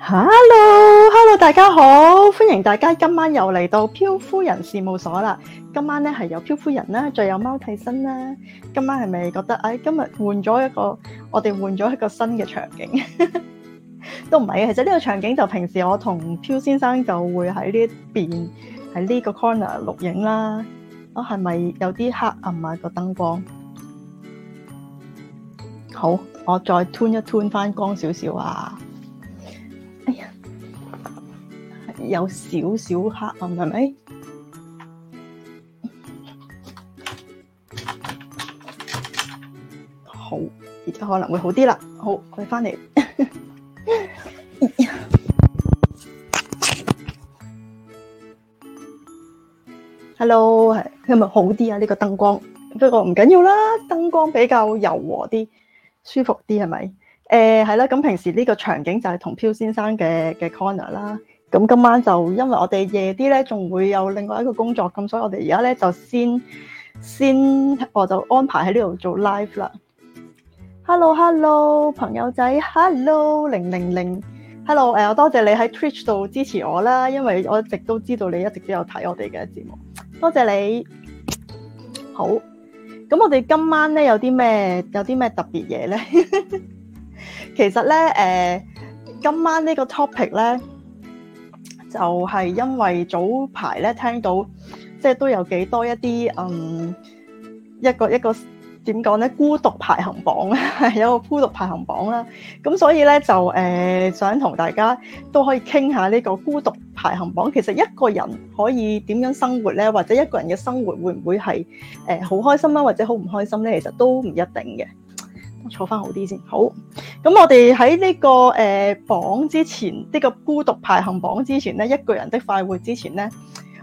Hello，Hello，hello, 大家好，歡迎大家今晚又嚟到漂夫人事務所啦。今晚咧，係有漂夫人啦、啊，仲有貓替身啦、啊。今晚係咪覺得誒、哎，今日換咗一個，我哋換咗一個新嘅場景， 都唔係啊。其實呢個場景就平時我同漂先生就會喺呢邊，喺呢個 corner 錄影啦。哦，係咪有啲黑暗啊個燈光？好，我再 turn 一 turn 返光少少啊。有少少黑暗，係咪？好，而家可能會好啲啦。好，我哋翻嚟。 Hello，係，係咪好啲啊？呢個燈光，不過唔緊要啦，燈光比較柔和啲，舒服啲，係咪？誒、欸，係啦，咁平時呢個場景就係同漂先生嘅嘅 corner 啦。咁今晚就因為我哋夜啲咧，仲會有另外一個工作咁，所以我哋而家咧就先先，我就安排喺呢度做 live 啦。Hello，Hello，hello，朋友仔，Hello，零零零，Hello，誒、呃，多謝你喺 Twitch 度支持我啦，因為我一直都知道你一直都有睇我哋嘅節目，多謝你。好，咁我哋今晚咧有啲咩有啲咩特別嘢咧？ 其實咧，誒、呃，今晚個呢個 topic 咧。就係因為早排咧聽到，即係都有幾多一啲嗯，一個一個點講咧，孤獨排行榜啦，有個孤獨排行榜啦。咁所以咧就誒想同大家都可以傾下呢個孤獨排行榜。其實一個人可以點樣生活咧，或者一個人嘅生活會唔會係誒好開心啊，或者好唔開心咧？其實都唔一定嘅。坐翻好啲先。好咁，我哋喺呢個誒、呃、榜之前，呢、這個孤獨排行榜之前，呢一個人的快活之前，呢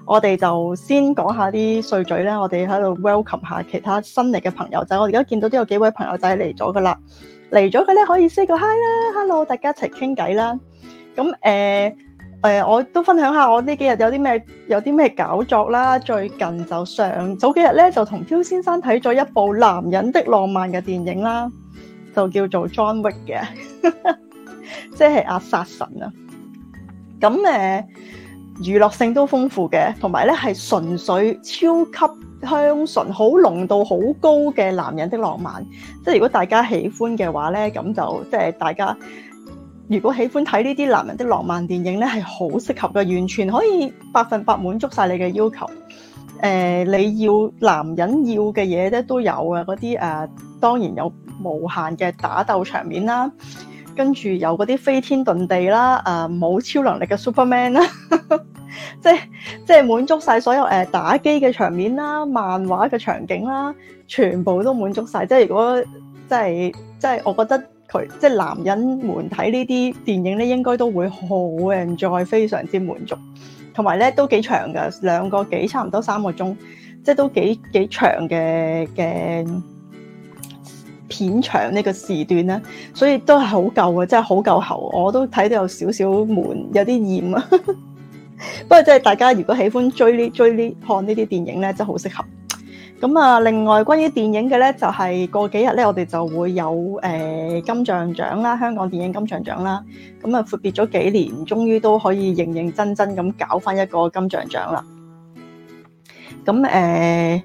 我哋就先講下啲碎嘴咧。我哋喺度 welcome 下其他新嚟嘅朋友仔。我而家見到都有幾位朋友仔嚟咗噶啦，嚟咗嘅咧可以 say 個 hi 啦，hello，大家一齊傾偈啦。咁誒誒，我都分享下我呢幾日有啲咩有啲咩搞作啦。最近就上早幾日咧就同漂先生睇咗一部男人的浪漫嘅電影啦。就叫做 John Wick 嘅， 即係阿殺神啊！咁、呃、誒，娛樂性都豐富嘅，同埋咧係純粹超級香醇、好濃度好高嘅男人的浪漫。即係如果大家喜歡嘅話咧，咁就即係大家如果喜歡睇呢啲男人的浪漫電影咧，係好適合嘅，完全可以百分百滿足晒你嘅要求。誒、呃，你要男人要嘅嘢咧都有啊，嗰啲誒當然有。無限嘅打鬥場面啦，跟住有嗰啲飛天遁地啦，誒、啊、冇超能力嘅 Superman 啦， 即係即係滿足晒所有誒、呃、打機嘅場面啦、漫畫嘅場景啦，全部都滿足晒。即係如果即係即係，我覺得佢即係男人們睇呢啲電影咧，應該都會好 enjoy，非常之滿足。同埋咧都幾長噶，兩個幾，差唔多三個鐘，即係都幾幾長嘅嘅。片場呢個時段咧，所以都係好舊啊，真係好舊喉，我都睇到有少少悶，有啲厭啊。 不過即係大家如果喜歡追呢追呢看呢啲電影咧，真係好適合。咁啊，另外關於電影嘅咧，就係、是、過幾日咧，我哋就會有誒、呃、金像獎啦，香港電影金像獎啦。咁啊，闊別咗幾年，終於都可以認認真真咁搞翻一個金像獎啦。咁誒、呃，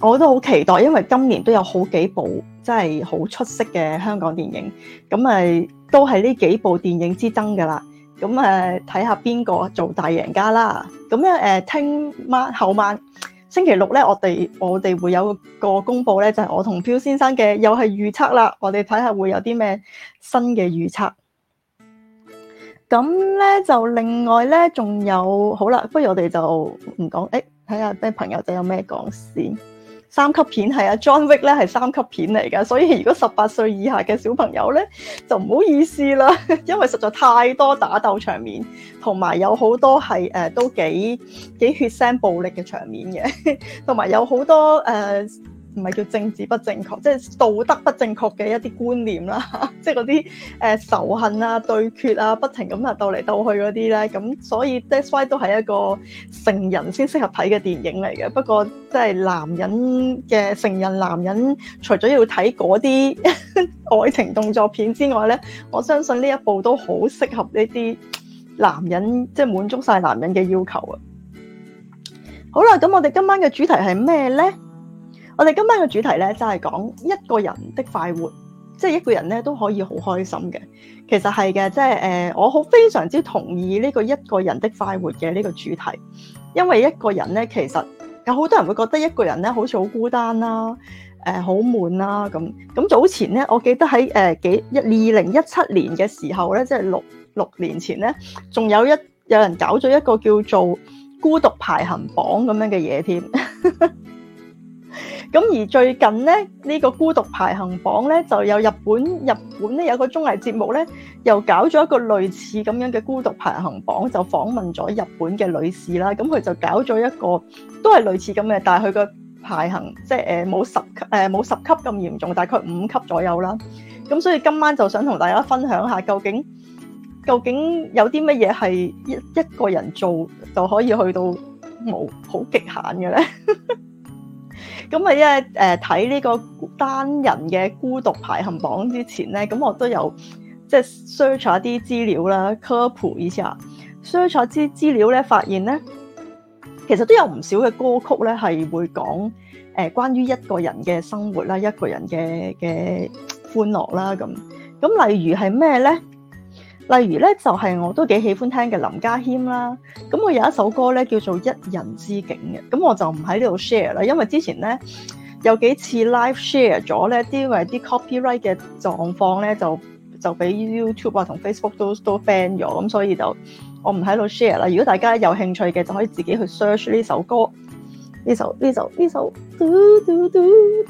我都好期待，因為今年都有好幾部。真係好出色嘅香港電影，咁咪都係呢幾部電影之爭㗎啦。咁誒睇下邊個做大贏家啦。咁咧誒，呃，聽晚後晚星期六咧，我哋我哋會有個公佈咧，就係、是、我同漂先生嘅又係預測啦。我哋睇下會有啲咩新嘅預測。咁咧就另外咧，仲有好啦，不如我哋就唔講。誒，睇下咩朋友仔有咩講先。三級片係啊，John Wick 咧係三級片嚟㗎，所以如果十八歲以下嘅小朋友咧就唔好意思啦，因為實在太多打鬥場面，同埋有好多係誒、呃、都幾幾血腥暴力嘅場面嘅，同埋有好多誒。呃唔係叫政治不正確，即係道德不正確嘅一啲觀念啦，即係嗰啲誒仇恨啊、對決啊，啊不停咁啊鬥嚟鬥去嗰啲咧。咁所以 that's why 都係一個成人先適合睇嘅電影嚟嘅。不過，即係男人嘅成人男人，除咗要睇嗰啲愛情動作片之外咧，我相信呢一部都好適合呢啲男人，即係滿足晒男人嘅要求啊！好啦，咁我哋今晚嘅主題係咩咧？我哋今晚嘅主題咧，就係講一個人的快活，即係一個人咧都可以好開心嘅。其實係嘅，即係誒，我好非常之同意呢個一個人的快活嘅呢個主題，因為一個人咧，其實有好多人會覺得一個人咧好似好孤單啦，誒，好悶啦咁。咁早前咧，我記得喺誒幾一二零一七年嘅時候咧，即係六六年前咧，仲有一有人搞咗一個叫做《孤獨排行榜》咁樣嘅嘢添。咁而最近咧，呢個孤獨排行榜咧，就有日本日本咧有個綜藝節目咧，又搞咗一個類似咁樣嘅孤獨排行榜，就訪問咗日本嘅女士啦。咁佢就搞咗一個都係類似咁嘅，但係佢個排行即係誒冇十級誒冇十級咁嚴重，大概五級左右啦。咁所以今晚就想同大家分享下，究竟究竟有啲乜嘢係一一個人做就可以去到冇好極限嘅咧？咁啊，因為誒睇呢個單人嘅孤獨排行榜之前咧，咁我都有即係 search 一啲資料啦，科普一下，search 咗啲資料咧，發現咧其實都有唔少嘅歌曲咧係會講誒關於一個人嘅生活啦，一個人嘅嘅歡樂啦，咁咁例如係咩咧？例如咧，就係、是、我都幾喜歡聽嘅林家謙啦。咁、嗯、我有一首歌咧叫做《一人之境》嘅。咁、嗯、我就唔喺呢度 share 啦，因為之前咧有幾次 live share 咗咧，啲或啲 copyright 嘅狀況咧就就俾 YouTube 啊同 Facebook 都都 ban 咗。咁、嗯、所以就我唔喺度 share 啦。如果大家有興趣嘅，就可以自己去 search 呢首歌。呢首呢首呢首，嘟嘟嘟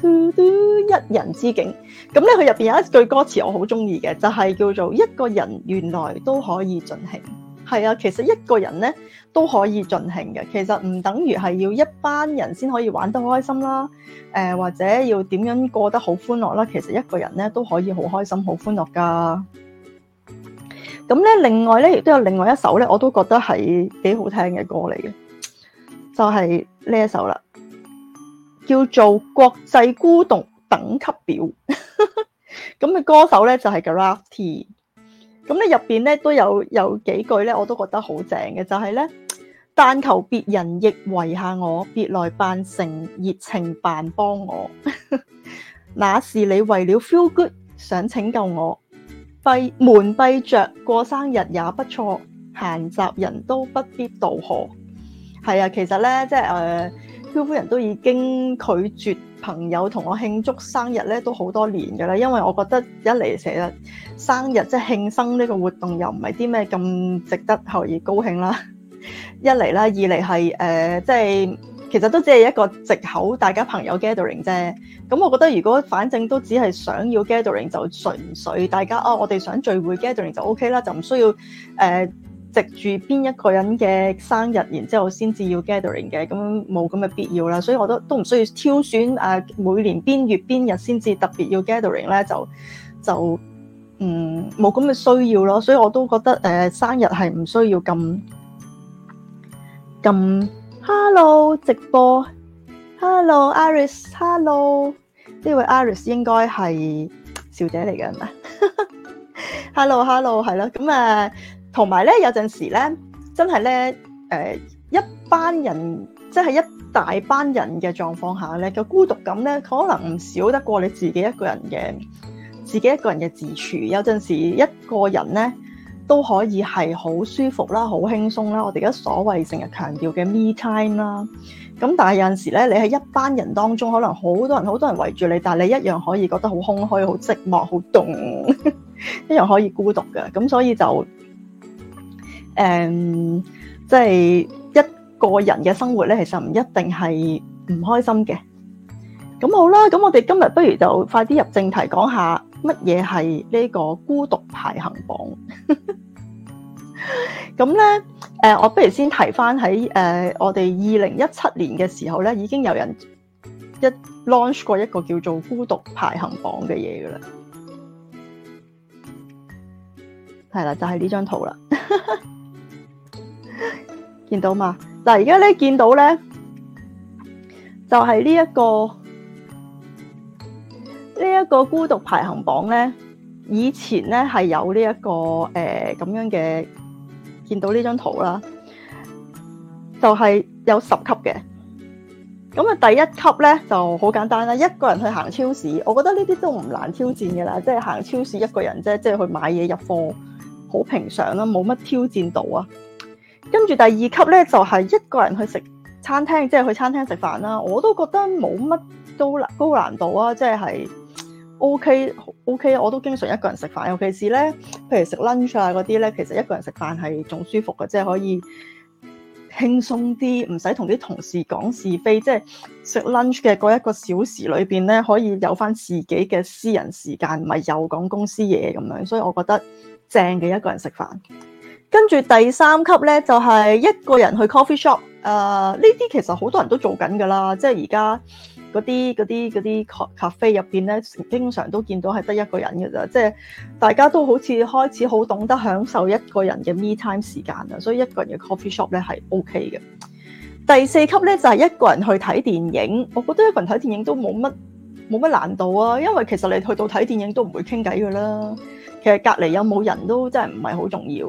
嘟嘟一人之境，咁咧，佢入邊有一句歌詞我好中意嘅，就係、是、叫做一個人原來都可以盡興。係啊，其實一個人咧都可以盡興嘅。其實唔等於係要一班人先可以玩得好開心啦。誒、呃，或者要點樣過得好歡樂啦？其實一個人咧都可以好開心、好歡樂噶。咁咧，另外咧，亦都有另外一首咧，我都覺得係幾好聽嘅歌嚟嘅，就係、是。呢一首啦，叫做《國際孤獨等級表》。咁 嘅歌手咧就係、是、g r a f i t y，咁咧，入邊咧都有有幾句咧，我都覺得好正嘅，就係、是、咧，但求別人亦為下我，別來扮成熱情扮幫我， 那是你為了 feel good 想拯救我，閉門閉着過生日也不錯，閒雜人都不必道賀。係啊，其實咧，即係誒，漂夫人都已經拒絕朋友同我慶祝生日咧，都好多年㗎喇。因為我覺得一嚟，其實生日即係慶生呢個活動又唔係啲咩咁值得後而高興啦。一嚟啦，二嚟係誒，即、呃、係其實都只係一個藉口，大家朋友 gathering 啫。咁我覺得如果反正都只係想要 gathering，就純粹大家哦，我哋想聚會 gathering 就 OK 啦，就唔需要誒。呃食住邊一個人嘅生日，然之後先至要 gathering 嘅，咁冇咁嘅必要啦。所以我都都唔需要挑選啊，每年邊月邊日先至特別要 gathering 咧，就就嗯冇咁嘅需要咯。所以我都覺得誒、呃、生日係唔需要咁咁。Hello 直播，Hello Iris，Hello 呢位 Iris 應該係小姐嚟嘅係咪？Hello Hello 係啦。咁、嗯、誒。Uh, 同埋咧，有陣時咧，真係咧，誒、呃、一班人，即係一大班人嘅狀況下咧，個孤獨感咧，可能唔少得過你自己一個人嘅自己一個人嘅自處。有陣時一個人咧都可以係好舒服啦，好輕鬆啦。我哋而家所謂成日強調嘅 me time 啦，咁但係有陣時咧，你喺一班人當中，可能好多人好多人圍住你，但係你一樣可以覺得好空虛、好寂寞、好凍， 一樣可以孤獨嘅。咁所以就～誒，即係、um, 一個人嘅生活咧，其實唔一定係唔開心嘅。咁好啦，咁我哋今日不如就快啲入正題講，講下乜嘢係呢個孤獨排行榜。咁 咧，誒、呃，我不如先提返喺誒我哋二零一七年嘅時候咧，已經有人一 launch 過一個叫做孤獨排行榜嘅嘢噶啦。係啦，就係呢張圖啦。 見到嘛？嗱，而家咧見到咧，就係呢一個呢一個孤獨排行榜咧。以前咧係有呢一個誒咁樣嘅，見到呢張圖啦，就係有十級嘅。咁啊，第一級咧就好簡單啦，一個人去行超市，我覺得呢啲都唔難挑戰噶啦，即係行超市一個人啫，即係去買嘢入貨，好平常啦，冇乜挑戰度啊。跟住第二級咧，就係一個人去食餐廳，即係去餐廳食飯啦。我都覺得冇乜都難高難度啊，即係 O K O K 啊。我都經常一個人食飯，尤其是咧，譬如食 lunch 啊嗰啲咧，其實一個人食飯係仲舒服嘅，即係可以輕鬆啲，唔使同啲同事講是非。即係食 lunch 嘅嗰一個小時裏邊咧，可以有翻自己嘅私人時間，唔係又講公司嘢咁樣。所以我覺得正嘅一個人食飯。跟住第三級咧，就係一個人去 coffee shop，誒呢啲其實好多人都做緊㗎啦，即係而家嗰啲嗰啲啲 coffee 入邊咧，經常都見到係得一個人㗎咋，即係大家都好似開始好懂得享受一個人嘅 me time 時間啦，所以一個人嘅 coffee shop 咧係 OK 嘅。第四級咧就係一個人去睇電影，我覺得一個人睇電影都冇乜冇乜難度啊，因為其實你去到睇電影都唔會傾偈㗎啦。其實隔離有冇人都真係唔係好重要。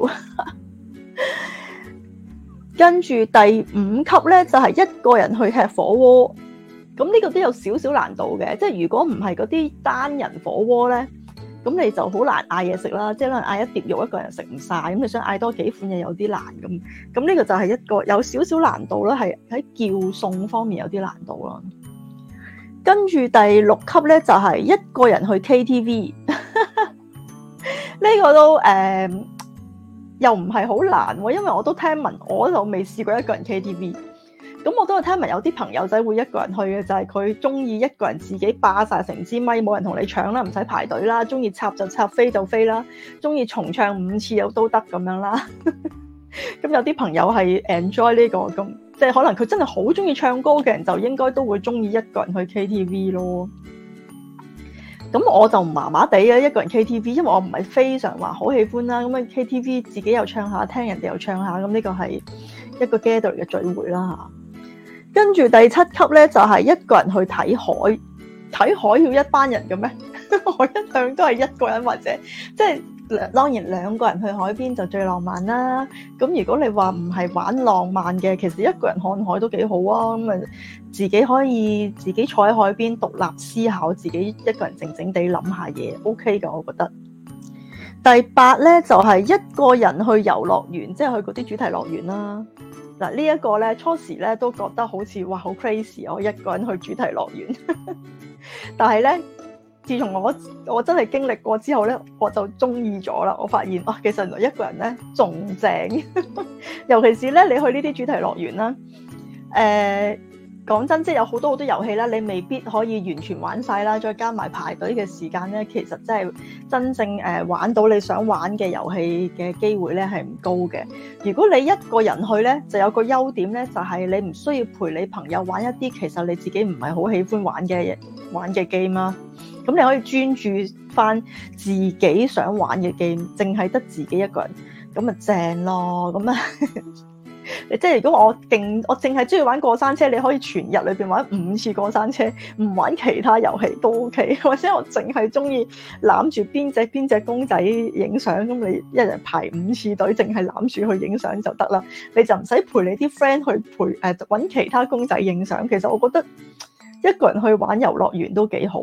跟住第五級咧，就係一個人去吃火鍋。咁呢個都有少少難度嘅，即係如果唔係嗰啲單人火鍋咧，咁你就好難嗌嘢食啦。即係可能嗌一碟肉，一個人食唔晒。咁你想嗌多幾款嘢有啲難咁。咁呢個就係一個有少少難度啦，係喺叫餸方面有啲難度咯。跟住第六級咧，就係一個人去 KTV。呢個都誒、嗯，又唔係好難喎，因為我都聽聞，我就未試過一個人 KTV。咁我都係聽聞有啲朋友仔會一個人去嘅，就係佢中意一個人自己霸晒成支咪，冇人同你搶啦，唔使排隊啦，中意插就插，飛就飛啦，中意重唱五次又都得咁樣啦。咁 有啲朋友係 enjoy 呢個，咁即係可能佢真係好中意唱歌嘅人，就應該都會中意一個人去 KTV 咯。咁我就麻麻地啊，一個人 KTV，因為我唔係非常話好喜歡啦。咁啊 KTV 自己又唱下，聽人哋又唱下，咁呢個係一個 gather 嘅、er、聚會啦。跟住第七級咧，就係、是、一個人去睇海，睇海要一班人嘅咩？ 我一向都係一個人或者即係。當然兩個人去海邊就最浪漫啦。咁如果你話唔係玩浪漫嘅，其實一個人看海都幾好啊。咁啊，自己可以自己坐喺海邊獨立思考，自己一個人靜靜地諗下嘢，OK 㗎，我覺得。第八咧就係、是、一個人去遊樂園，即係去嗰啲主題樂園啦。嗱、這個、呢一個咧初時咧都覺得好似哇好 crazy，我一個人去主題樂園， 但係咧。自從我我真係經歷過之後咧，我就中意咗啦。我發現哇、啊，其實原來一個人咧仲正， 尤其是咧你去呢啲主題樂園啦，誒、呃。講真，即係有好多好多遊戲啦，你未必可以完全玩晒啦，再加埋排隊嘅時間咧，其實真係真正誒玩到你想玩嘅遊戲嘅機會咧係唔高嘅。如果你一個人去咧，就有個優點咧，就係你唔需要陪你朋友玩一啲其實你自己唔係好喜歡玩嘅玩嘅 game 啦。咁你可以專注返自己想玩嘅 game，淨係得自己一個人，咁咪正咯，咁啊～即係如果我勁，我淨係中意玩過山車，你可以全日裏邊玩五次過山車，唔玩其他遊戲都 OK。或者我淨係中意攬住邊隻邊隻公仔影相，咁你一日排五次隊，淨係攬住去影相就得啦。你就唔使陪你啲 friend 去陪誒搵、啊、其他公仔影相。其實我覺得一個人去玩遊樂園都幾好。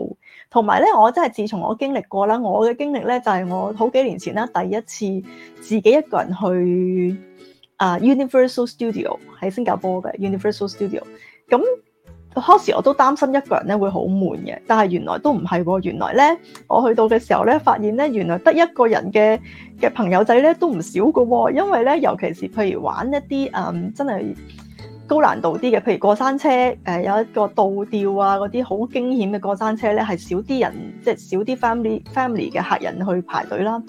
同埋咧，我真係自從我經歷過啦，我嘅經歷咧就係、是、我好幾年前啦，第一次自己一個人去。啊！Universal Studio 喺新加坡嘅 Universal Studio，咁好多時我都擔心一個人咧會好悶嘅，但係原來都唔係喎。原來咧，我去到嘅時候咧，發現咧，原來得一個人嘅嘅朋友仔咧都唔少㗎喎，因為咧，尤其是譬如玩一啲誒、嗯、真係高難度啲嘅，譬如過山車，誒有一個倒吊啊嗰啲好驚險嘅過山車咧，係少啲人，即係少啲 family family 嘅客人去排隊啦。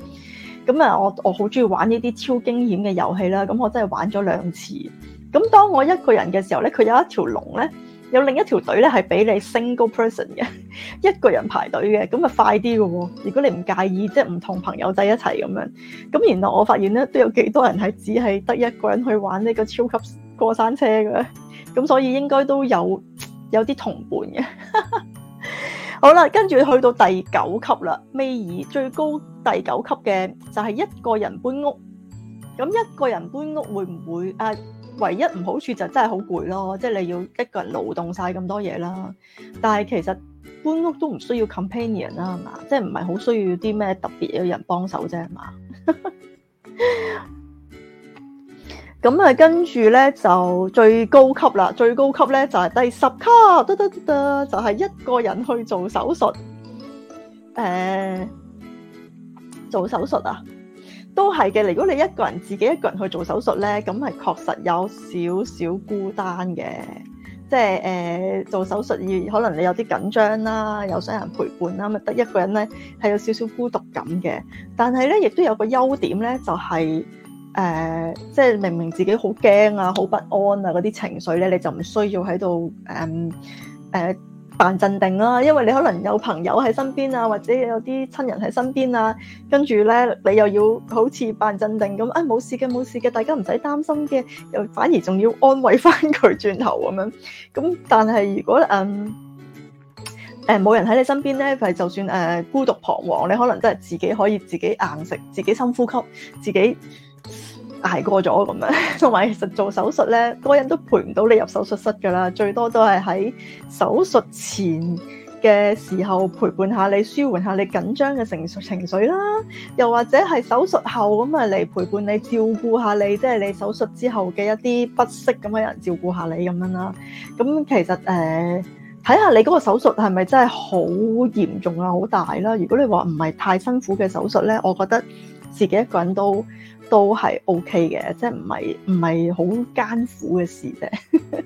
咁啊，我我好中意玩呢啲超驚險嘅遊戲啦，咁我真係玩咗兩次。咁當我一個人嘅時候咧，佢有一條龍咧，有另一條隊咧係俾你 single person 嘅，一個人排隊嘅，咁啊快啲嘅喎。如果你唔介意，即係唔同朋友仔一齊咁樣。咁原來我發現咧，都有幾多人係只係得一個人去玩呢個超級過山車嘅，咁所以應該都有有啲同伴嘅。 好啦，跟住去到第九級啦，尾二最高第九級嘅就係一個人搬屋。咁一個人搬屋會唔會啊？唯一唔好處就真係好攰咯，即係你要一個人勞動晒咁多嘢啦。但係其實搬屋都唔需要 companion 啦，係嘛？即係唔係好需要啲咩特別嘅人幫手啫，係嘛？ 咁啊，跟住咧就最高級啦，最高級咧就係、是、第十級，得得得，就係、是、一個人去做手術，誒、呃，做手術啊，都係嘅。如果你一個人自己一個人去做手術咧，咁係確實有少少孤單嘅，即係誒、呃、做手術要可能你有啲緊張啦，有想有人陪伴啦，咪得一個人咧係有少少孤獨感嘅。但係咧亦都有個優點咧，就係、是。誒、呃，即係明明自己好驚啊、好不安啊嗰啲情緒咧，你就唔需要喺度誒誒扮鎮定啦。因為你可能有朋友喺身邊啊，或者有啲親人喺身邊啊，跟住咧你又要好似扮鎮定咁啊，哎，冇事嘅，冇事嘅，大家唔使擔心嘅。又反而仲要安慰翻佢轉頭咁樣。咁但係如果嗯誒冇人喺你身邊咧，就算誒、呃、孤獨彷徨，你可能真係自己可以自己硬食，自己深呼吸，自己。大個咗咁樣，同 埋其實做手術咧，個人都陪唔到你入手術室㗎啦，最多都係喺手術前嘅時候陪伴下你，舒緩下你緊張嘅情緒情緒啦，又或者係手術後咁啊嚟陪伴你照顧下你，即係你手術之後嘅一啲不適咁嘅人照顧下你咁樣啦。咁其實誒，睇、呃、下你嗰個手術係咪真係好嚴重啊，好大啦？如果你話唔係太辛苦嘅手術咧，我覺得自己一個人都。都係 O K 嘅，即係唔係唔係好艱苦嘅事啫。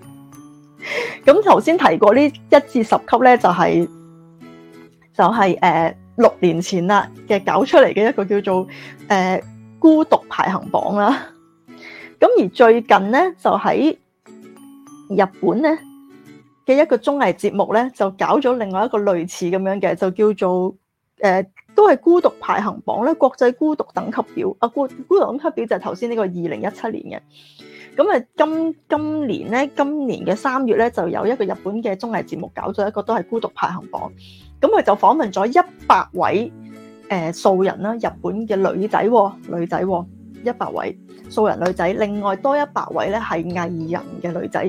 咁頭先提過呢一至十級咧，就係、是、就係誒六年前啦嘅搞出嚟嘅一個叫做誒、呃、孤獨排行榜啦。咁 而最近咧就喺日本咧嘅一個綜藝節目咧，就搞咗另外一個類似咁樣嘅，就叫做誒。呃都係孤獨排行榜咧，國際孤獨等級表啊，孤孤獨等級表就係頭先呢個二零一七年嘅。咁啊，今今年咧，今年嘅三月咧，就有一個日本嘅綜藝節目搞咗一個都係孤獨排行榜。咁佢就訪問咗一百位誒、呃、素人啦，日本嘅女仔，女仔一百位素人女仔，另外多一百位咧係藝人嘅女仔。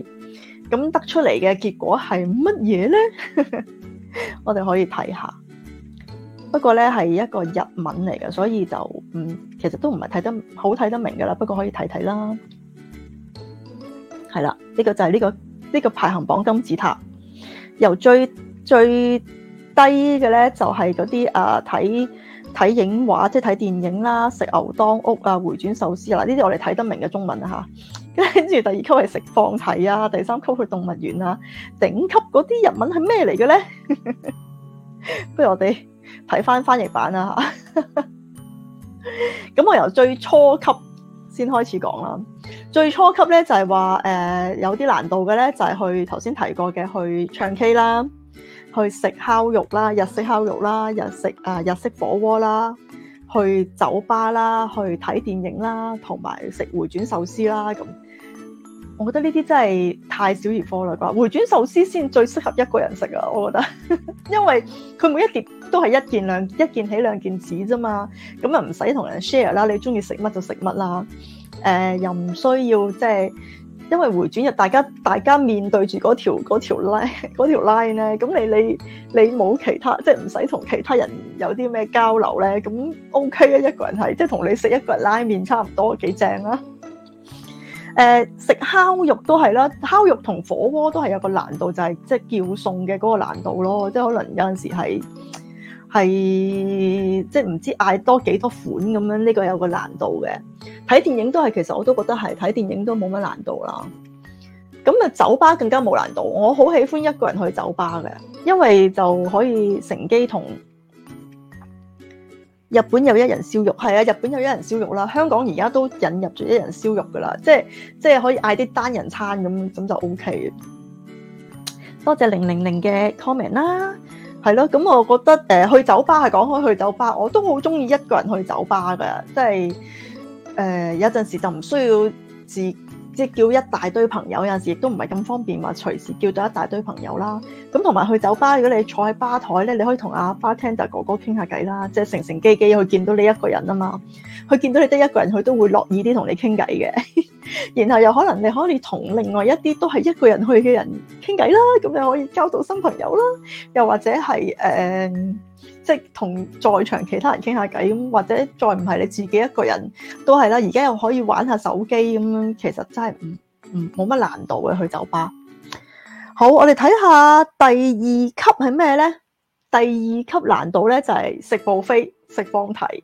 咁得出嚟嘅結果係乜嘢咧？ 我哋可以睇下。不過咧，係一個日文嚟嘅，所以就，嗯，其實都唔係睇得好睇得明嘅啦。不過可以睇睇啦，係啦，呢個就係呢個呢個排行榜金字塔，由最最低嘅咧就係嗰啲啊睇睇影畫，即係睇電影啦，食牛當屋啊，回轉壽司啦，呢啲我哋睇得明嘅中文嚇。跟住第二級係食放題啊，第三級係動物園啊，頂級嗰啲日文係咩嚟嘅咧？ 不如我哋～睇翻翻譯版啦嚇，咁我由最初級先開始講啦。最初級咧就係話誒有啲難度嘅咧，就係、係、去頭先提過嘅去唱 K 啦，去食烤肉啦，日式烤肉啦，日式啊、呃、日式火鍋啦，去酒吧啦，去睇電影啦，同埋食回轉壽司啦咁。我覺得呢啲真係太小兒科啦啩。回轉壽司先最適合一個人食啊！我覺得，因為佢每一碟都係一件兩一件起兩件紙啫嘛，咁又唔使同人 share 啦，你中意食乜就食乜啦。誒，又唔需要即係，因為回轉日大家大家面對住嗰條嗰條 line 嗰條 line 咧，咁你你你冇其他即係唔使同其他人有啲咩交流咧，咁 OK 啊，一個人係即係同你食一個人拉麵差唔多，幾正啦～誒、uh, 食烤肉都係啦，烤肉同火鍋都係有個難度，就係、係、即叫餸嘅嗰個難度咯，即係可能有陣時係係即唔知嗌多幾多款咁樣，呢、呢個有個難度嘅。睇電影都係，其實我都覺得係睇電影都冇乜難度啦。咁啊，酒吧更加冇難度，我好喜歡一個人去酒吧嘅，因為就可以乘機同。日本有一人燒肉，係啊，日本有一人燒肉啦。香港而家都引入咗一人燒肉噶啦，即係即係可以嗌啲單人餐咁，咁就 OK 嘅。多謝零零零嘅 comment 啦，係咯。咁我覺得誒、呃、去酒吧係講開去酒吧，我都好中意一個人去酒吧噶，即係誒、呃、有陣時就唔需要自。即係叫一大堆朋友，有陣時亦都唔係咁方便，話隨時叫到一大堆朋友啦。咁同埋去酒吧，如果你坐喺吧台咧，你可以同阿 bartender 哥哥傾下偈啦。即係成成機機，去見到你一個人啊嘛，佢見到你得一個人，佢都會樂意啲同你傾偈嘅。 然後又可能你可以同另外一啲都係一個人去嘅人傾偈啦，咁你可以交到新朋友啦，又或者係誒，即係同在場其他人傾下偈咁，或者再唔係你自己一個人都係啦。而家又可以玩下手機咁樣，其實真係唔唔冇乜難度嘅去酒吧。好，我哋睇下第二級係咩咧？第二級難度咧就係食 buffet、食放題，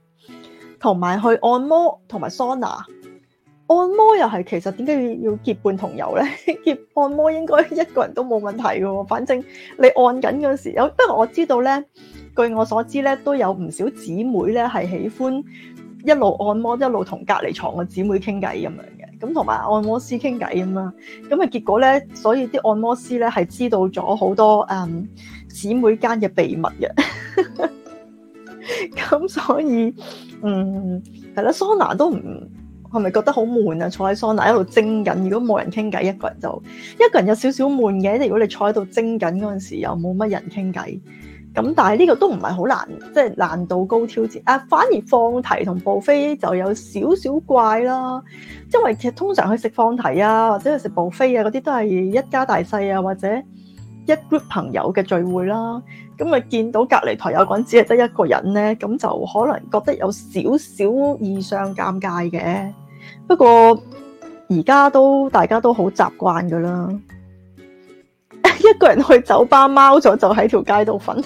同埋去按摩同埋桑拿。按摩又係，其實點解要要結伴同遊咧？ 結按摩應該一個人都冇問題嘅喎。反正你按緊嗰時候，不過我知道咧，據我所知咧，都有唔少姊妹咧係喜歡一路按摩一路同隔籬床嘅姊妹傾偈咁樣嘅。咁同埋按摩師傾偈咁啊。咁啊結果咧，所以啲按摩師咧係知道咗好多嗯姊妹間嘅秘密嘅。咁 所以嗯係啦，桑拿都唔。係咪覺得好悶啊？坐喺桑拿一度蒸緊，如果冇人傾偈，一個人就一個人有少少悶嘅。如果你坐喺度蒸緊嗰陣時，又冇乜人傾偈，咁但係呢個都唔係好難，即係難度高挑戰啊。反而放題同布菲就有少少怪啦，因為其實通常去食放題啊，或者去食布菲啊嗰啲都係一家大細啊，或者一 group 朋友嘅聚會啦。咁啊，見到隔離台有個人只係得一個人咧，咁就可能覺得有少少異常尷尬嘅。不過而家都大家都好習慣噶啦， 一個人去酒吧貓咗就喺條街度瞓，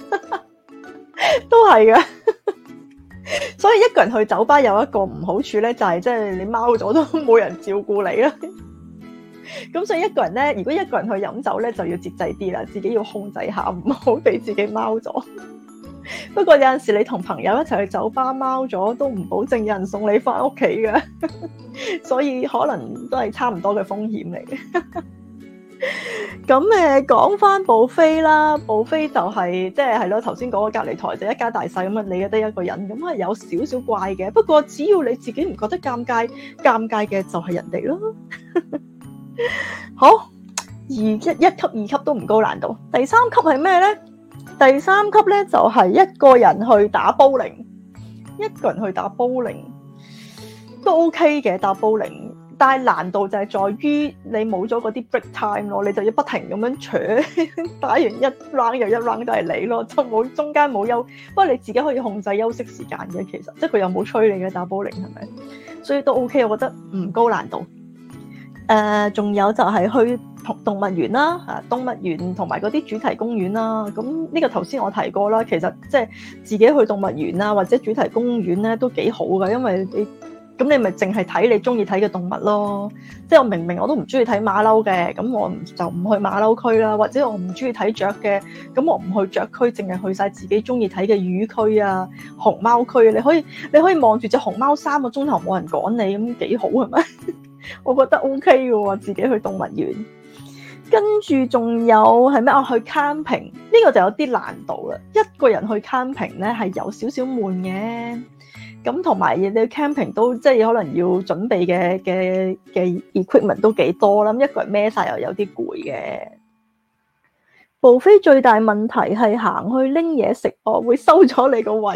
都係是嘅的。 所以一個人去酒吧有一個唔好處咧，就係即係你貓咗都冇人照顧你啦。咁 所以一個人咧，如果一個人去飲酒咧，就要節制啲啦，自己要控制下，唔好俾自己貓咗。不過有陣時你同朋友一齊去酒吧貓咗，都唔保證有人送你翻屋企噶， 所以可能都係差唔多嘅風險嚟。咁 誒、嗯，講翻布菲啦，布菲就係即係係咯，頭先嗰個隔離台就一家大細咁樣，你嘅得一個人，咁啊有少少怪嘅。不過只要你自己唔覺得尷尬，尷尬嘅就係人哋咯。 好，二一一級二級都唔高難度，第三級係咩咧？第三級咧就係、是、一個人去打 bowling。一個人去打 bowling 都 OK 嘅打 bowling，但係難度就係在於你冇咗嗰啲 break time 咯，你就要不停咁樣搶，打完一 round 又一 round 都係你咯，就冇中間冇休，不過你自己可以控制休息時間嘅，其實即係佢又冇催你嘅打 bowling 係咪？所以都 OK，我覺得唔高難度。誒，仲、呃、有就係去同動物園啦，嚇動物園同埋嗰啲主題公園啦。咁呢個頭先我提過啦，其實即係自己去動物園啦、啊，或者主題公園咧都幾好噶，因為你咁你咪淨係睇你中意睇嘅動物咯。即係我明明我都唔中意睇馬騮嘅，咁我就唔去馬騮區啦，或者我唔中意睇雀嘅，咁我唔去雀區，淨係去晒自己中意睇嘅魚區啊、熊貓區。你可以你可以望住隻熊貓三個鐘頭，冇人趕你，咁幾好係咪？ 我覺得 OK 嘅喎，自己去動物園，跟住仲有係咩啊？去 camping 呢個就有啲難度啦。一個人去 camping 咧係有少少悶嘅，咁同埋你去 camping 都即係可能要準備嘅嘅嘅 equipment 都幾多啦。一個人孭晒又有啲攰嘅。無非最大問題係行去拎嘢食，我、哦、會收咗你個位。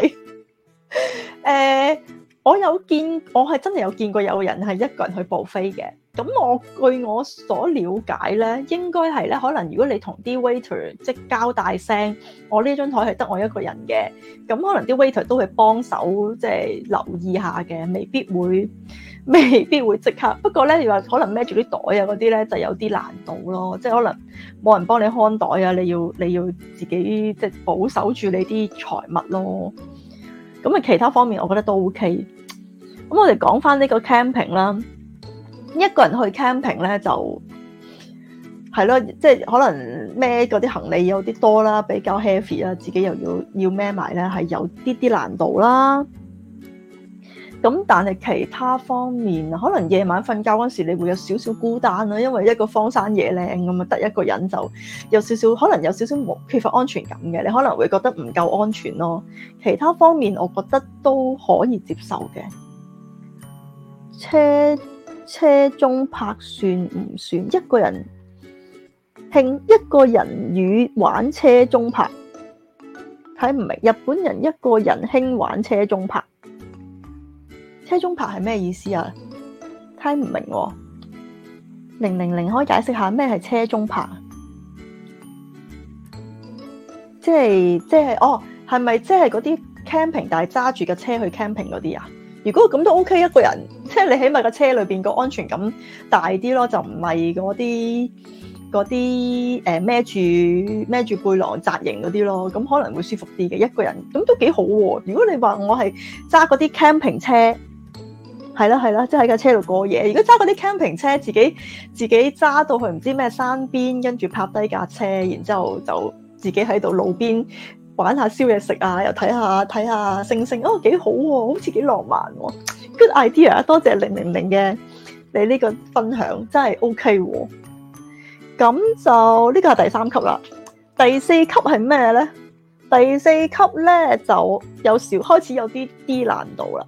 誒、 呃。我有見，我係真係有見過有人係一個人去報飛嘅。咁我據我所了解咧，應該係咧，可能如果你同啲 waiter 即係交大聲，我呢張台係得我一個人嘅。咁可能啲 waiter 都會幫手，即係留意下嘅，未必會，未必會即刻。不過咧，你話可能孭住啲袋啊嗰啲咧，就有啲難度咯。即係可能冇人幫你看袋啊，你要你要自己即係保守住你啲財物咯。咁啊，其他方面我覺得都 OK。咁我哋講翻呢個 camping 啦，一個人去 camping 咧就係咯，即係可能孭嗰啲行李有啲多啦，比較 heavy 啦，自己又要要孭埋咧，係有啲啲難度啦。咁但係其他方面，可能夜晚瞓覺嗰時，你會有少少孤單啦，因為一個荒山野嶺咁啊，得一個人就有少少，可能有少少缺乏安全感嘅，你可能會覺得唔夠安全咯。其他方面，我覺得都可以接受嘅。車，車中泊算唔算？一個人興一個人與玩車中泊。睇唔明日本人一個人興玩車中泊？車中泊係咩意思啊？聽唔明喎、哦。零零零，可以解釋下咩係車中泊？即係即係，哦，係咪即係嗰啲 camping，但係揸住架車去 camping 嗰啲啊？如果咁都 OK，一個人，即係你起碼個車裏邊個安全感大啲咯，就唔係嗰啲嗰啲誒，孭住孭住背囊紮營嗰啲咯，咁可能會舒服啲嘅。一個人咁都幾好喎、啊。如果你話我係揸嗰啲 camping 車。係啦係啦，即係喺架車度過夜。如果揸嗰啲 camping 車，自己自己揸到去唔知咩山邊，跟住泊低架車，然之後就自己喺度路邊玩下燒嘢食啊，又睇下睇下星星哦，幾好喎、啊，好似幾浪漫喎、啊。Good idea，多謝零零零嘅你呢個分享真係 OK 喎、啊。咁就呢個係第三級啦。第四級係咩咧？第四級咧就有時開始有啲啲難度啦。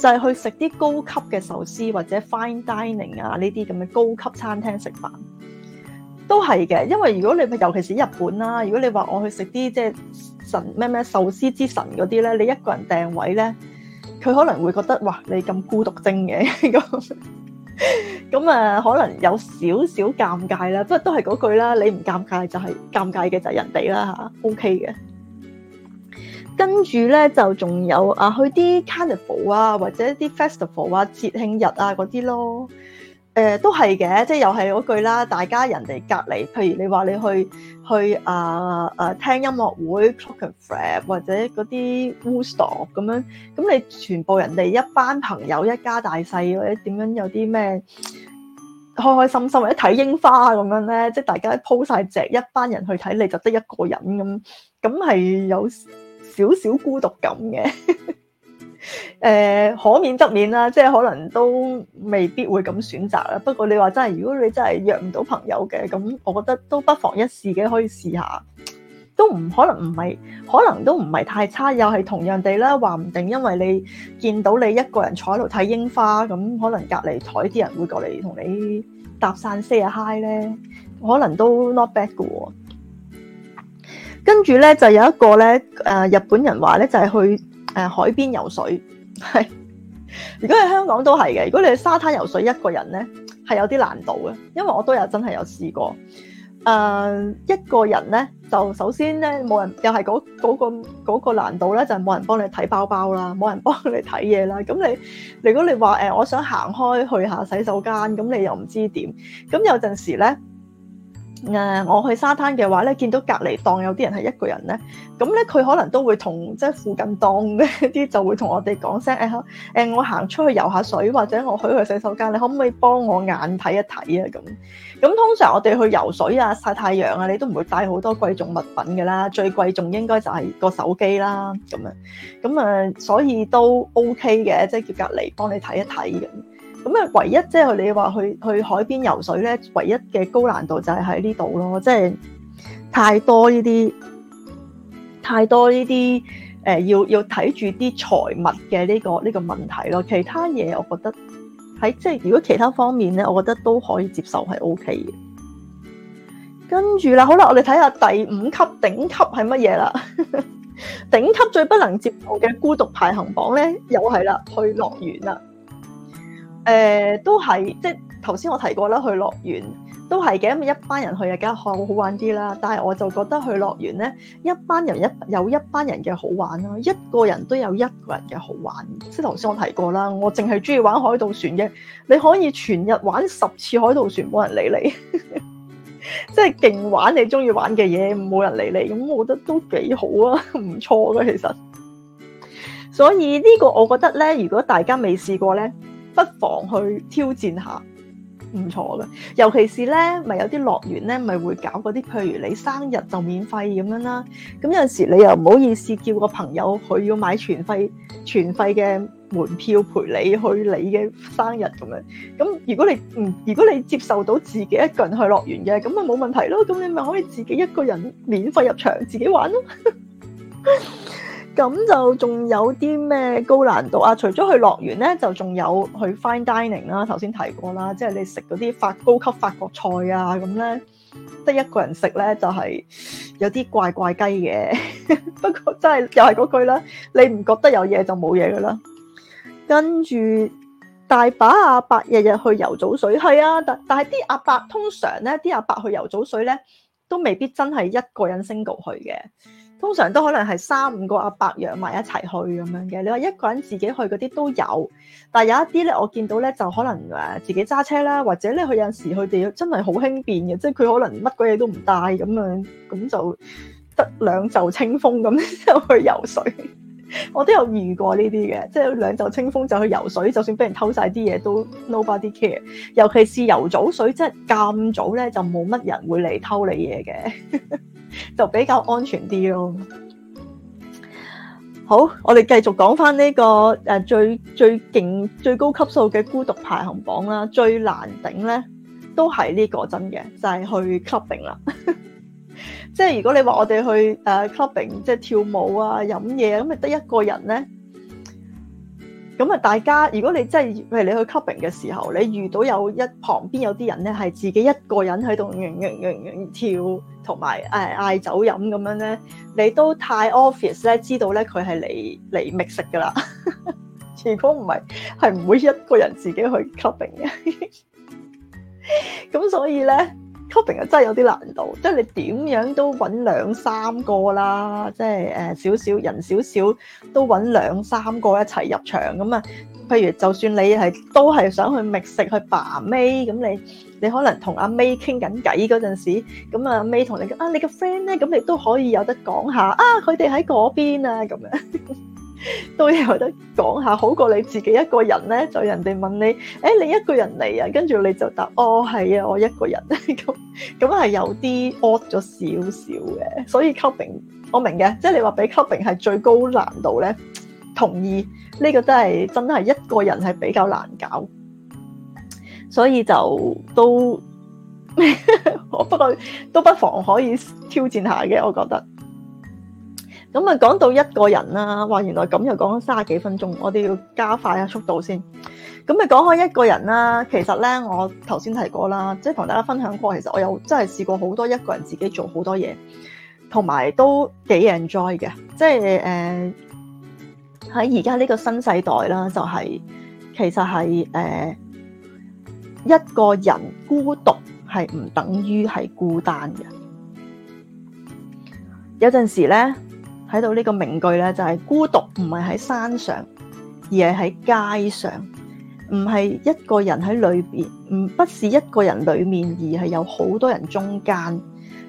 就係去食啲高級嘅壽司或者 fine dining 啊，呢啲咁嘅高級餐廳食飯都係嘅，因為如果你咪，尤其是日本啦、啊，如果你話我去食啲即係神咩咩壽司之神嗰啲咧，你一個人訂位咧，佢可能會覺得哇你咁孤獨精嘅咁咁啊，可能有少少尷尬啦，不過都係嗰句啦，你唔尷尬就係、是、尷尬嘅就係人哋啦吓 OK 嘅。啊 OK。跟住咧，就仲有啊，去啲 carnival 啊，或者啲 festival 啊、節慶日啊嗰啲咯。誒、啊，都係嘅，即係又係嗰句啦。大家人哋隔籬，譬如你話你去去啊啊聽音樂會，rock and rap 或者嗰啲 woodstock 咁樣，咁你全部人哋一班朋友一家大細或者點樣有啲咩開開心心或者睇櫻花咁樣咧，即係大家 po 曬隻一班人去睇，你就得一個人咁，咁係有。少少孤獨感嘅、 呃，誒可免則免啦、啊，即係可能都未必會咁選擇啦。不過你話真係，如果你真係約唔到朋友嘅，咁我覺得都不妨一試嘅，可以試下。都唔可能唔係，可能都唔係太差，又係同樣哋啦。話唔定因為你見到你一個人坐喺度睇櫻花，咁可能隔離枱啲人會過嚟同你搭訕 say 下 hi 咧，可能都 not bad 嘅喎、啊。跟住咧就有一個咧，誒、呃、日本人話咧就係、是、去誒、呃、海邊游水，係。 如果喺香港都係嘅，如果你去沙灘游水一個人咧，係有啲難度嘅，因為我都有真係有試過。誒、呃、一個人咧，就首先咧冇人，又係嗰嗰個難度咧，就係、是、冇人幫你睇包包啦，冇人幫你睇嘢啦。咁你，如果你話誒、呃、我想行開去下洗手間，咁你又唔知點。咁有陣時咧。誒、嗯，我去沙灘嘅話咧，見到隔離檔有啲人係一個人咧，咁咧佢可能都會同即係附近檔啲就會同我哋講聲誒嚇、哎哎，我行出去游下水，或者我去去洗手間，你可唔可以幫我眼睇一睇啊？咁咁通常我哋去游水啊、晒太陽啊，你都唔會帶好多貴重物品㗎啦，最貴重應該就係個手機啦咁樣，咁啊、嗯、所以都 OK 嘅，即係叫隔離幫你睇一睇咁。咁啊，唯一即係、就是、你話去去海邊游水咧，唯一嘅高難度就係喺呢度咯，即係太多呢啲太多呢啲，誒，要要睇住啲財物嘅呢、這個呢、這個問題咯。其他嘢，我覺得喺即係如果其他方面咧，我覺得都可以接受，係 O K 嘅。跟住啦，好啦，我哋睇下第五級頂級係乜嘢啦？ 頂級最不能接受嘅孤獨排行榜咧，又係啦，去樂園啦。誒、呃，都係即係頭先我提過啦，去樂園都係嘅，咁一班人去啊，梗係好好玩啲啦。但係我就覺得去樂園咧，一班人一有一班人嘅好玩啦，一個人都有一個人嘅好玩。即係頭先我提過啦，我淨係中意玩海盜船嘅，你可以全日玩十次海盜船，冇人理 你，即係勁玩你中意玩嘅嘢，冇人理你，咁我覺得都幾好啊，唔錯噶，其實。所以呢個我覺得咧，如果大家未試過咧。不妨去挑戰下，唔錯嘅。尤其是咧，咪有啲樂園咧，咪會搞嗰啲，譬如你生日就免費咁樣啦。咁有陣時你又唔好意思叫個朋友，佢要買全費全費嘅門票陪你去你嘅生日咁樣。咁如果你唔、嗯、如果你接受到自己一個人去樂園嘅，咁咪冇問題咯。咁你咪可以自己一個人免費入場，自己玩咯。 咁就仲有啲咩高難度啊？除咗去樂園咧，就仲有去 fine dining 啦。頭先提過啦，即係你食嗰啲法高級法國菜啊，咁咧，得一個人食咧就係、是、有啲怪怪雞嘅。 不過真係又係嗰句啦，你唔覺得有嘢就冇嘢噶啦。跟住大把阿伯日日去游早水，係啊，但但係啲阿伯通常咧，啲阿伯，伯去游早水咧，都未必真係一個人 single 去嘅。通常都可能係三五個阿伯約埋一齊去咁樣嘅，你話一個人自己去嗰啲都有，但係有一啲咧，我見到咧就可能誒自己揸車啦，或者咧佢有陣時佢哋真係好輕便嘅，即係佢可能乜鬼嘢都唔帶咁樣，咁就得兩袖清風咁就去游水。 我都有遇過呢啲嘅，即係兩袖清風就去游水，就算俾人偷晒啲嘢都 nobody care。尤其是游早水，即係咁早咧就冇乜人會嚟偷你嘢嘅。 就比較安全啲咯。好，我哋繼續講返呢個誒最最勁最高級數嘅孤獨排行榜啦，最難頂咧都係呢個真嘅，就係、是、去 clubbing 啦。 即係如果你話我哋去誒 clubbing，即係跳舞啊、飲嘢咁，咪得一個人咧。咁啊，大家如果你真係，譬如你去 clubbing 嘅時候，你遇到有一旁邊有啲人咧，係自己一個人喺度，ing ing ing ing 跳，同埋誒嗌酒飲咁樣咧，你都太 obvious 咧，知道咧佢係嚟嚟覓食噶啦。 如果唔係，係唔會一個人自己去 clubbing 嘅。咁、 嗯、所以咧。coping 啊，真係有啲難度，即係你點樣都揾兩三個啦，即係誒少少人少少都揾兩三個一齊入場咁啊！譬如就算你係都係想去覓食去霸 May，咁你你可能同阿 May 傾緊偈嗰陣時，咁啊 May 同你啊，你個 friend 咧，咁你都可以有得講下啊，佢哋喺嗰邊啊咁樣。 都有得講下，好過你自己一個人咧。就人哋問你，誒、欸，你一個人嚟啊？跟住你就答，哦，係啊，我一個人。咁咁係有啲 odd 咗少少嘅。所以 copying，我明嘅，即係你話俾 copying 係最高難度咧。同意，呢個真係真係一個人係比較難搞，所以就都， 我不過都不妨可以挑戰下嘅，我覺得。咁啊，講到一個人啦，哇！原來咁又講咗三十幾分鐘，我哋要加快下、啊、速度先。咁啊，講開一個人啦，其實咧，我頭先提過啦，即係同大家分享過，其實我有真係試過好多一個人自己做好多嘢，同埋都幾 enjoy 嘅。即係誒，喺而家呢個新世代啦，就係、是、其實係誒、呃、一個人孤獨係唔等於係孤單嘅。有陣時咧～睇到呢個名句咧，就係孤獨唔係喺山上，而係喺街上。唔係一個人喺裏邊，唔不是一個人裡面，而係有好多人中間。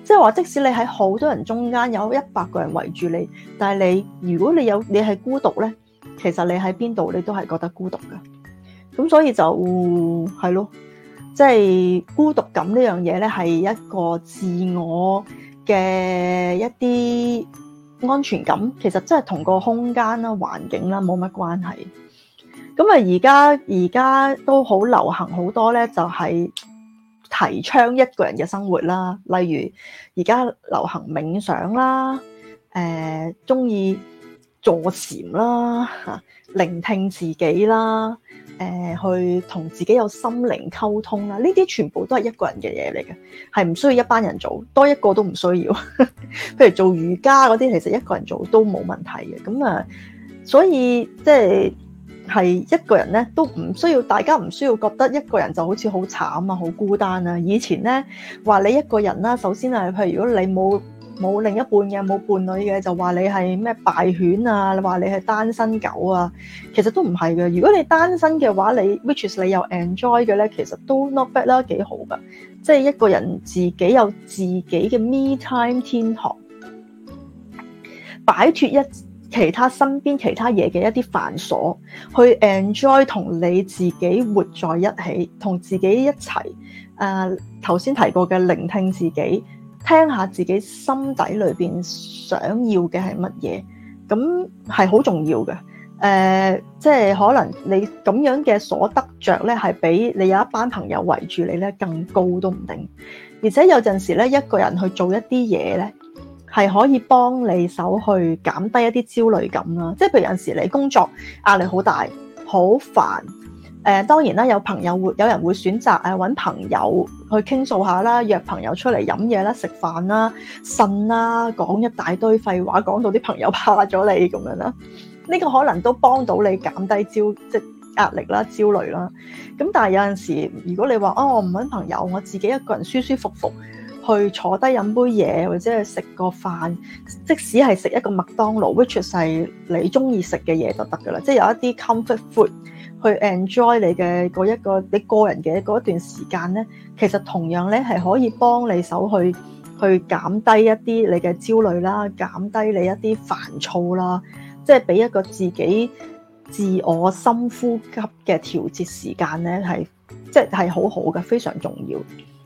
即係話，即使你喺好多人中間，有一百個人圍住你，但係你如果你有你係孤獨咧，其實你喺邊度你都係覺得孤獨嘅。咁所以就係咯，即係孤獨感呢樣嘢咧，係一個自我嘅一啲。安全感其實真係同個空間啦、環境啦冇乜關係。咁啊，而家而家都好流行好多咧，就係提倡一個人嘅生活啦。例如而家流行冥想啦，誒鍾意坐禪啦，嚇聆聽自己啦。誒、呃、去同自己有心靈溝通啦，呢啲全部都係一個人嘅嘢嚟嘅，係唔需要一班人做，多一個都唔需要。 譬如做瑜伽嗰啲，其實一個人做都冇問題嘅。咁啊，所以即係係一個人呢，都唔需要大家唔需要覺得一個人就好似好慘啊，好孤單啊。以前呢，話你一個人啦，首先係譬如如果你冇，冇另一半嘅，冇伴侶嘅，就話你係咩敗犬啊？你話你係單身狗啊？其實都唔係嘅。如果你單身嘅話，你 which 你又 enjoy 嘅咧，其實都 not bad 啦，幾好㗎。即係一個人自己有自己嘅 me time 天堂，擺脫一其他身邊其他嘢嘅一啲繁瑣，去 enjoy 同你自己活在一起，同自己一齊。誒頭先提過嘅聆聽自己。聽下自己心底裏邊想要嘅係乜嘢，咁係好重要嘅。誒、呃，即係可能你咁樣嘅所得着咧，係比你有一班朋友圍住你咧更高都唔定。而且有陣時咧，一個人去做一啲嘢咧，係可以幫你手去減低一啲焦慮感啦。即係譬如有陣時你工作壓力好大，好煩。誒、呃、當然啦，有朋友會有人會選擇誒揾、啊、朋友去傾訴下啦，約朋友出嚟飲嘢啦、食飯啦、呻啦，講一大堆廢話，講到啲朋友怕咗你咁樣啦。呢、這個可能都幫到你減低焦即壓力啦、焦慮啦。咁但係有陣時，如果你話哦，我唔揾朋友，我自己一個人舒舒服服去坐低飲杯嘢，或者係食個飯，即使係食一個麥當勞，which 係你中意食嘅嘢就得㗎啦，即係有一啲 comfort food。去 enjoy 你嘅嗰一個你個人嘅嗰一段時間咧，其實同樣咧係可以幫你手去去減低一啲你嘅焦慮啦，減低你一啲煩躁啦，即係俾一個自己自我深呼吸嘅調節時間咧，係即係係好好嘅，非常重要。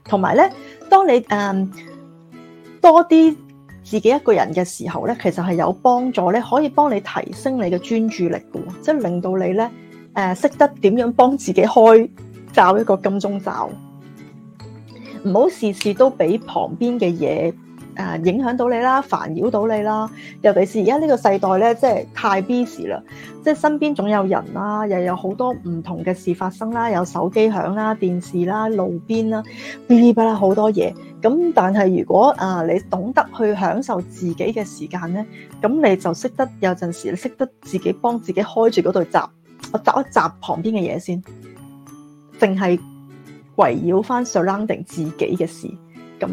同埋咧，當你誒、嗯、多啲自己一個人嘅時候咧，其實係有幫助咧，可以幫你提升你嘅專注力嘅，即係令到你咧。誒識、啊、得點樣幫自己開罩一個金鐘罩，唔好事事都俾旁邊嘅嘢誒影響到你啦，煩擾到你啦。尤其是而家呢個世代咧，即係太 busy 啦，即係身邊總有人啦、啊，又有好多唔同嘅事發生啦、啊，有手機響啦、啊、電視啦、啊、路邊啦噼里啪啦好多嘢。咁但係如果啊，你懂得去享受自己嘅時間咧，咁你就識得有陣時你識得自己幫自己開住嗰對我集一集旁邊嘅嘢先，淨係圍繞翻 surrounding 自己嘅事。咁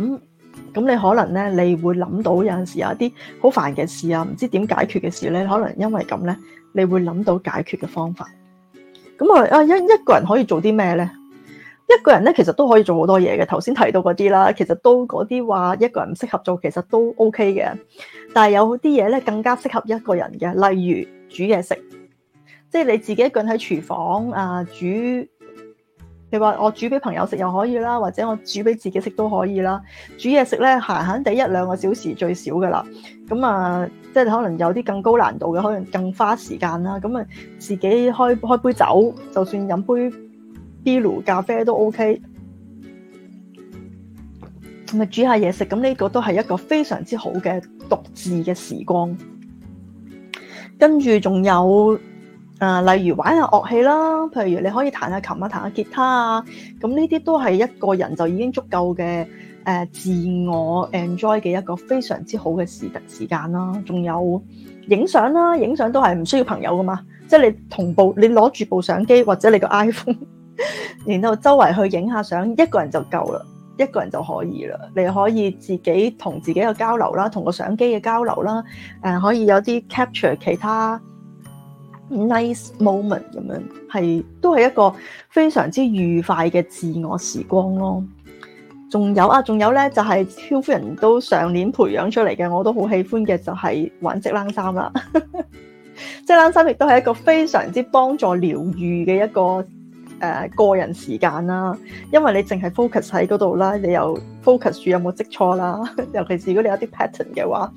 咁你可能咧，你會諗到有陣時有一啲好煩嘅事啊，唔知點解決嘅事咧，可能因為咁咧，你會諗到解決嘅方法。咁我啊一一個人可以做啲咩咧？一個人咧其實都可以做好多嘢嘅。頭先提到嗰啲啦，其實都嗰啲話一個人唔適合做，其實都 OK 嘅。但係有啲嘢咧更加適合一個人嘅，例如煮嘢食。即係你自己一個人喺廚房啊煮，你話我煮俾朋友食又可以啦，或者我煮俾自己食都可以啦。煮嘢食咧，閒閒地一兩個小時最少噶啦。咁、嗯、啊，即係可能有啲更高難度嘅，可能更花時間啦。咁、嗯、啊，自己開開杯酒，就算飲杯啤酒咖啡都 OK。咁啊，煮下嘢食，咁呢個都係一個非常之好嘅獨自嘅時光。跟住仲有。啊，例如玩下樂器啦，譬如你可以彈下琴啊、彈下吉他啊，咁呢啲都係一個人就已經足夠嘅誒、呃、自我 enjoy 嘅一個非常之好嘅時特時間啦。仲有影相啦，影相都係唔需要朋友㗎嘛，即係你同步你攞住部相機或者你個 iPhone， 然後周圍去影下相，一個人就夠啦，一個人就可以啦。你可以自己同自己嘅交流啦，同個相機嘅交流啦，誒、呃、可以有啲 capture 其他。Nice moment 咁樣係都係一個非常之愉快嘅自我時光咯。仲有啊，仲有咧就係、是、漂夫人都上年培養出嚟嘅，我都好喜歡嘅就係、是、玩織冷衫啦。織冷衫亦都係一個非常之幫助療愈嘅一個誒、呃、個人時間啦。因為你淨係 focus 喺嗰度啦，你又 focus 住有冇織錯啦。尤其是如果你有啲 pattern 嘅話。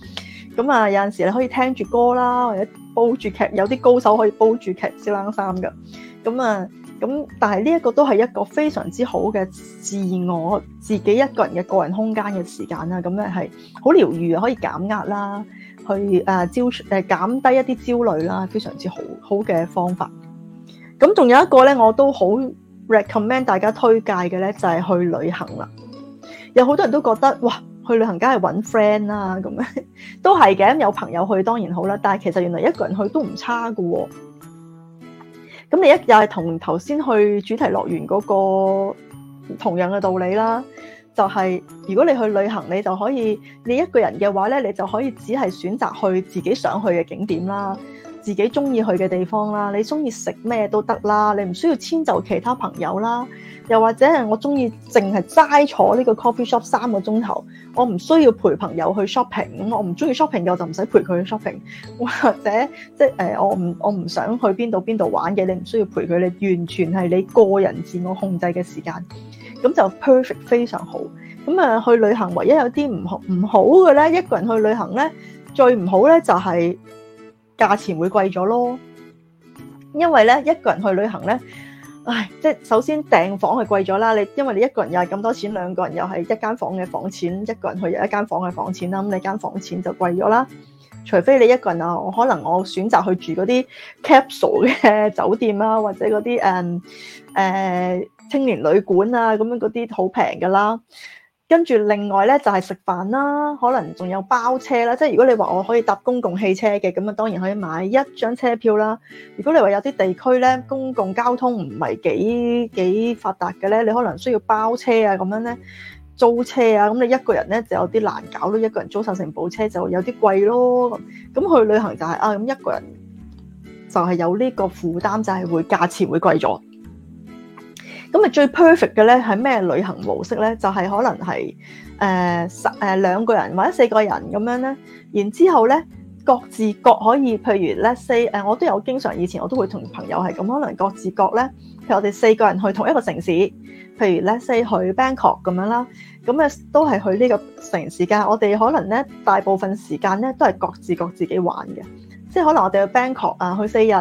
咁啊、嗯，有陣時你可以聽住歌啦，或者煲住劇，有啲高手可以煲住劇《先冷衫》㗎、嗯。咁啊，咁但係呢一個都係一個非常之好嘅自我、自己一個人嘅個人空間嘅時間啦。咁咧係好療愈啊，可以減壓啦，去誒焦誒減低一啲焦慮啦，非常之好好嘅方法。咁、嗯、仲有一個咧，我都好 recommend 大家推介嘅咧，就係、是、去旅行啦。有好多人都覺得哇～去旅行梗係揾 friend 啦，咁樣都係嘅。有朋友去當然好啦，但係其實原來一個人去都唔差嘅，哦。咁你一又係同頭先去主題樂園嗰個同樣嘅道理啦，就係、是、如果你去旅行，你就可以你一個人嘅話咧，你就可以只係選擇去自己想去嘅景點啦。自己中意去嘅地方啦，你中意食咩都得啦，你唔需要遷就其他朋友啦。又或者係我中意淨係齋坐呢個 coffee shop 三個鐘頭，我唔需要陪朋友去 shopping。咁我唔中意 shopping 嘅我就唔使陪佢去 shopping。或者即係誒、呃，我唔我唔想去邊度邊度玩嘅，你唔需要陪佢。你完全係你個人自我控制嘅時間，咁就 perfect，非常好。咁啊、呃，去旅行唯一有啲唔好唔好嘅咧，一個人去旅行咧，最唔好咧就係、是。價錢會貴咗咯，因為咧一個人去旅行咧，唉，即係首先訂房係貴咗啦。你因為你一個人又係咁多錢，兩個人又係一間房嘅房錢，一個人去又一間房嘅房錢啦，咁你間房錢就貴咗啦。除非你一個人啊，我可能我選擇去住嗰啲 capsule 嘅酒店啊，或者嗰啲誒誒青年旅館啊，咁樣嗰啲好平㗎啦。跟住另外咧就係食飯啦，可能仲有包車啦。即係如果你話我可以搭公共汽車嘅，咁啊當然可以買一張車票啦。如果你話有啲地區咧公共交通唔係幾幾發達嘅咧，你可能需要包車啊咁樣咧，租車啊。咁你一個人咧就有啲難搞咯。一個人租晒成部車就有啲貴咯。咁去旅行就係啊咁一個人就係有呢個負擔，就係會價錢會貴咗。咁咪最 perfect 嘅咧係咩旅行模式咧？就係、是、可能係誒十誒兩個人或者四個人咁樣咧，然之後咧各自各可以，譬如 let's say 誒，我都有經常以前我都會同朋友係咁，可能各自各咧，譬如我哋四個人去同一個城市，譬如 let's say 去 Bangkok 咁樣啦，咁誒都係去呢個城市間，我哋可能咧大部分時間咧都係各自各自，自己玩嘅，即係可能我哋去 Bangkok 啊去四日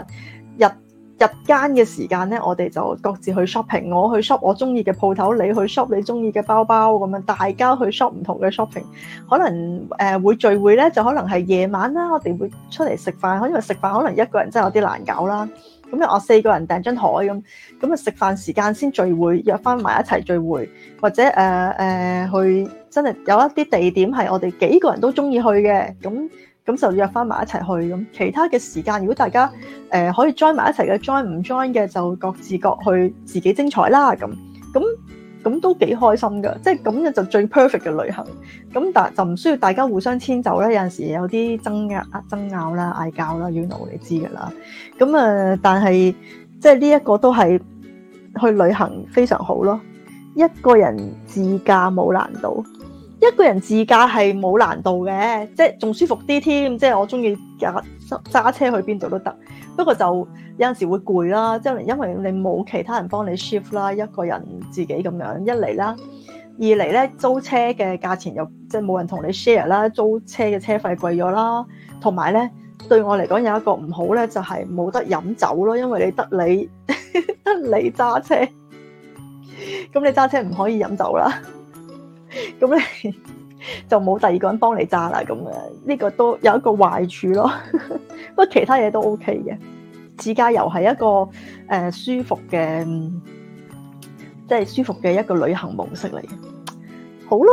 日。日間嘅時間咧，我哋就各自去 shopping，我去 shop 我中意嘅鋪頭，你去 shop 你中意嘅包包咁樣，大家去 shop 唔同嘅 shopping。可能誒、呃、會聚會咧，就可能係夜晚啦，我哋會出嚟食飯，因為食飯可能一個人真係有啲難搞啦。咁啊，我四個人訂張枱咁，咁啊食飯時間先聚會，約返埋一齊聚會，或者誒誒、呃呃、去真係有一啲地點係我哋幾個人都中意去嘅咁。咁就約翻埋一齊去咁，其他嘅時間如果大家誒、呃、可以 join 埋一齊嘅，join 唔 join 嘅就各自各去自己精彩啦咁，咁咁都幾開心㗎，即係咁樣就最 perfect 嘅旅行。咁但就唔需要大家互相遷就啦，有陣時有啲爭拗、爭拗啦、嗌交啦，You know，你知噶啦。咁啊、呃，但係即係呢一個都係去旅行非常好咯，一個人自駕冇難度。一個人自駕係冇難度嘅，即係仲舒服啲添，即係我中意駕揸車去邊度都得。不過就有陣時會攰啦，即係因為你冇其他人幫你 shift 啦，一個人自己咁樣一嚟啦，二嚟咧租車嘅價錢又即係冇人同你 share 啦，租車嘅車費貴咗啦，同埋咧對我嚟講有一個唔好咧就係冇得飲酒咯，因為你得， 得你得你揸車，咁你揸車唔可以飲酒啦。咁咧 就冇第二個人幫你揸啦，咁嘅呢個都有一個壞處咯，不過其他嘢都 OK 嘅，自駕遊係一個誒、呃、舒服嘅，即係舒服嘅一個旅行模式嚟嘅。好咯，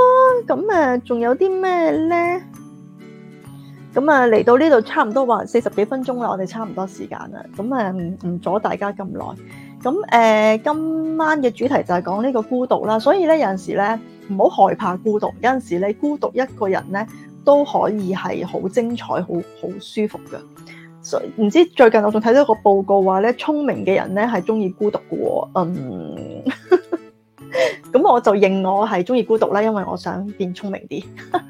咁誒仲有啲咩咧？咁啊，嚟到呢度差唔多話四十幾分鐘啦，我哋差唔多時間啦，咁啊唔阻大家咁耐。咁誒、呃，今晚嘅主題就係講呢個孤獨啦，所以咧有陣時咧唔好害怕孤獨，有陣時你孤獨一個人咧都可以係好精彩，好好舒服㗎。唔知最近我仲睇到一個報告話咧，聰明嘅人咧係中意孤獨嘅。嗯，咁 我就認我係中意孤獨啦，因為我想變聰明啲。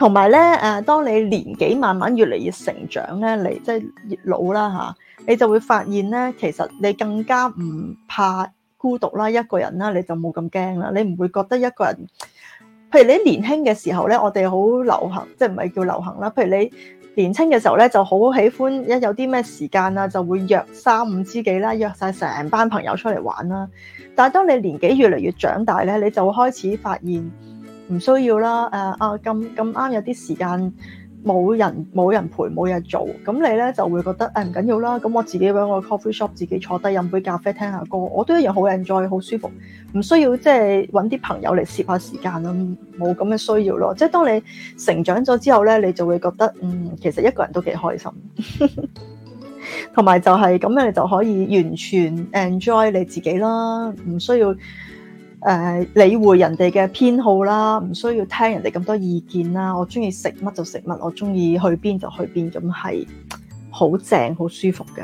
同埋咧，誒、啊，當你年紀慢慢越嚟越成長咧，你即係越老啦嚇、啊，你就會發現咧，其實你更加唔怕孤獨啦，一個人啦，你就冇咁驚啦，你唔會覺得一個人。譬如你年輕嘅時候咧，我哋好流行，即係唔係叫流行啦？譬如你年輕嘅時候咧，就好喜歡一有啲咩時間啊，就會約三五知己啦，約晒成班朋友出嚟玩啦。但係當你年紀越嚟越長大咧，你就開始發現。唔需要啦，誒啊，咁咁啱有啲時間，冇人冇人陪，冇嘢做，咁你咧就會覺得誒，唔緊要啦，咁我自己揾個 coffee shop，自己坐低飲杯咖啡，聽下歌，我都一樣好 enjoy，好舒服，唔需要即係揾啲朋友嚟攝下時間咯，冇咁嘅需要咯。即係當你成長咗之後咧，你就會覺得嗯，其實一個人都幾開心，同 埋就係咁樣，你就可以完全 enjoy 你自己啦，唔需要。誒、呃，理會人哋嘅偏好啦，唔需要聽人哋咁多意見啦。我中意食乜就食乜，我中意去邊就去邊，咁係好正、好舒服嘅。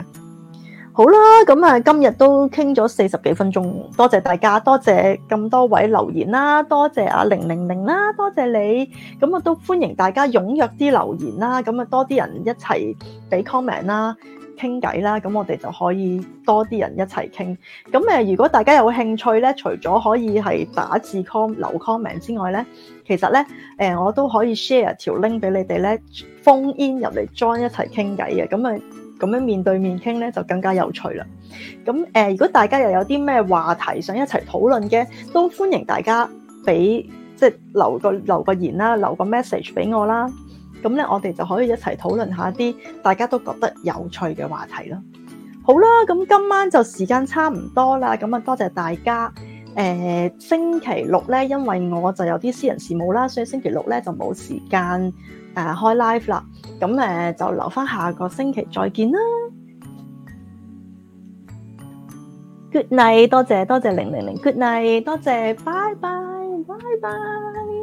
好啦，咁、嗯、啊今日都傾咗四十幾分鐘，多謝大家，多謝咁多位留言啦，多謝阿零零零啦，多謝你。咁啊都歡迎大家踴躍啲留言啦，咁啊多啲人一齊俾 comment 啦。傾偈啦，咁我哋就可以多啲人一齊傾。咁誒、呃，如果大家有興趣咧，除咗可以係打字 com 留 comment 之外咧，其實咧誒、呃，我都可以 share 條 link 俾你哋咧，phone in 入嚟 join 一齊傾偈嘅。咁誒，咁樣面對面傾咧就更加有趣啦。咁誒、呃，如果大家又有啲咩話題想一齊討論嘅，都歡迎大家俾即係留個留個言啦，留個 message 俾我啦。咁咧，我哋就可以一齊討論一下啲大家都覺得有趣嘅話題咯。好啦，咁今晚就時間差唔多啦，咁啊多謝大家。誒、呃，星期六咧，因為我就有啲私人事務啦，所以星期六咧就冇時間誒、呃、開 live 啦。咁誒就留翻下個星期再見啦。Good night，多謝多謝零零零。Good night，多謝，拜拜拜拜。